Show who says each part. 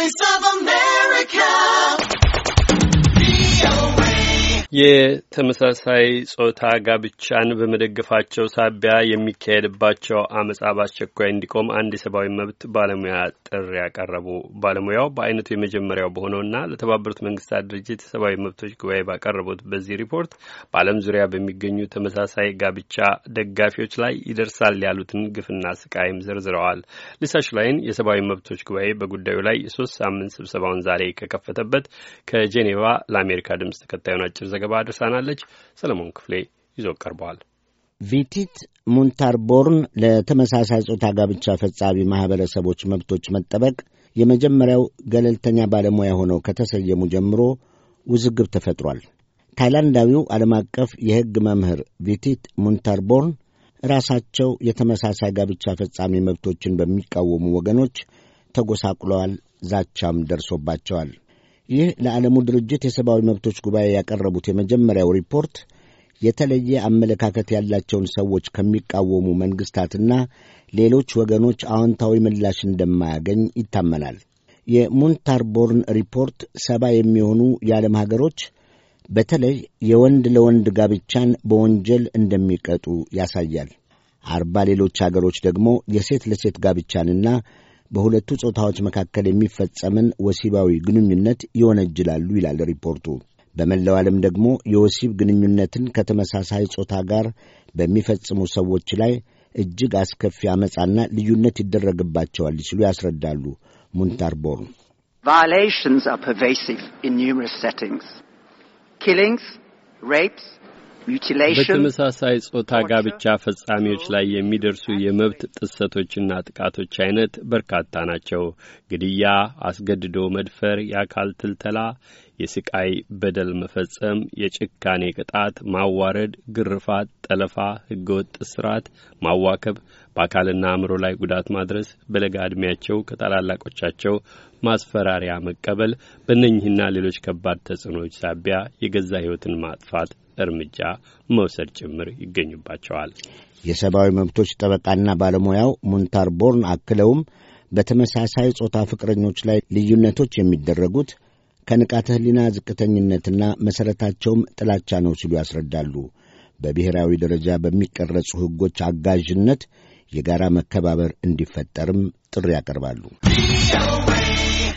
Speaker 1: Voice of የተመሳሳይ ጾታ ጋብቻን በመደገፋቸው ሳቢያ የሚካሄድባቸው አመጻ በአስቸኳይ እንዲቆም አንድ የሰብአዊ መብት ባለሙያ ጥሪ ያቀረቡ ባለሙያው በአይነቱ የመጀመሪያው በሆነውና ለተባበሩት መንግስታት ድርጅት የሰብአዊ መብቶች ጉባኤ ባቀረቡት በዚህ ሪፖርት በዓለም ዙሪያ በሚገኙ ተመሳሳይ ጋብቻ ደጋፊዎች ላይ ይደርሳል ያሉትን ግፍና ስቃይም ዘርዝረዋል። ሊሳ ሽላይን የሰብአዊ መብቶች ጉባኤ በጉዳዩ ላይ የሶስት ሳምንት ስብሰባውን ዛሬ ከከፈተበት ከጄኔቫ ለአሜሪካ ድምጽ ተከታዩን አጭር ዘገባ አድርሳናለች። ሰለሞን ክፍሌ ይዞ ቀርበዋል።
Speaker 2: ቪቲት ሙንታርቦርን ለተመሳሳይ ጾታ ጋብቻ ፈጻሚ ማኅበረሰቦች መብቶች መጠበቅ የመጀመሪያው ገለልተኛ ባለሙያ ሆነው ከተሰየሙ ጀምሮ ውዝግብ ተፈጥሯል። ታይላንዳዊው ዓለም አቀፍ የሕግ መምህር ቪቲት ሙንታርቦርን ራሳቸው የተመሳሳይ ጋብቻ ፈጻሚ መብቶችን በሚቃወሙ ወገኖች ተጎሳቁለዋል። ዛቻም ደርሶባቸዋል። ይህ ለዓለሙ ድርጅት የሰብአዊ መብቶች ጉባኤ ያቀረቡት የመጀመሪያው ሪፖርት የተለየ አመለካከት ያላቸውን ሰዎች ከሚቃወሙ መንግሥታትና ሌሎች ወገኖች አዎንታዊ ምላሽ እንደማያገኝ ይታመናል። የሙንታርቦርን ሪፖርት ሰባ የሚሆኑ የዓለም ሀገሮች በተለይ የወንድ ለወንድ ጋብቻን በወንጀል እንደሚቀጡ ያሳያል። አርባ ሌሎች አገሮች ደግሞ የሴት ለሴት ጋብቻንና በሁለቱ ጾታዎች መካከል የሚፈጸምን ወሲባዊ ግንኙነት ይወነጅላሉ ይላል ሪፖርቱ። በመላው ዓለም ደግሞ የወሲብ ግንኙነትን ከተመሳሳይ ጾታ ጋር በሚፈጽሙ ሰዎች ላይ እጅግ አስከፊ አመፃና ልዩነት ይደረግባቸዋል ሲሉ ያስረዳሉ። ሙንታር ቦሩ ቫዮሌሽንስ አር ፐርቬሲቭ ኢን ኒውመረስ ኪሊንግስ ሬፕስ
Speaker 1: በተመሳሳይ ጾታ ጋብቻ ፈጻሚዎች ላይ የሚደርሱ oh, የመብት ጥሰቶችና ጥቃቶች አይነት በርካታ ናቸው። ግድያ፣ አስገድዶ መድፈር፣ የአካል ትልተላ የስቃይ በደል መፈጸም፣ የጭካኔ ቅጣት፣ ማዋረድ፣ ግርፋት፣ ጠለፋ፣ ህገወጥ ስርዓት፣ ማዋከብ፣ በአካልና አእምሮ ላይ ጉዳት ማድረስ፣ በለጋ ዕድሜያቸው ከታላላቆቻቸው ማስፈራሪያ መቀበል፣ በእነኝህና ሌሎች ከባድ ተጽዕኖዎች ሳቢያ የገዛ ሕይወትን ማጥፋት እርምጃ መውሰድ ጭምር ይገኙባቸዋል።
Speaker 2: የሰብአዊ መብቶች ጠበቃና ባለሙያው ሙንታር ቦርን አክለውም በተመሳሳይ ጾታ ፍቅረኞች ላይ ልዩነቶች የሚደረጉት ከንቃተ ህሊና ዝቅተኝነትና መሠረታቸውም ጥላቻ ነው ሲሉ ያስረዳሉ። በብሔራዊ ደረጃ በሚቀረጹ ሕጎች አጋዥነት የጋራ መከባበር እንዲፈጠርም ጥሪ ያቀርባሉ።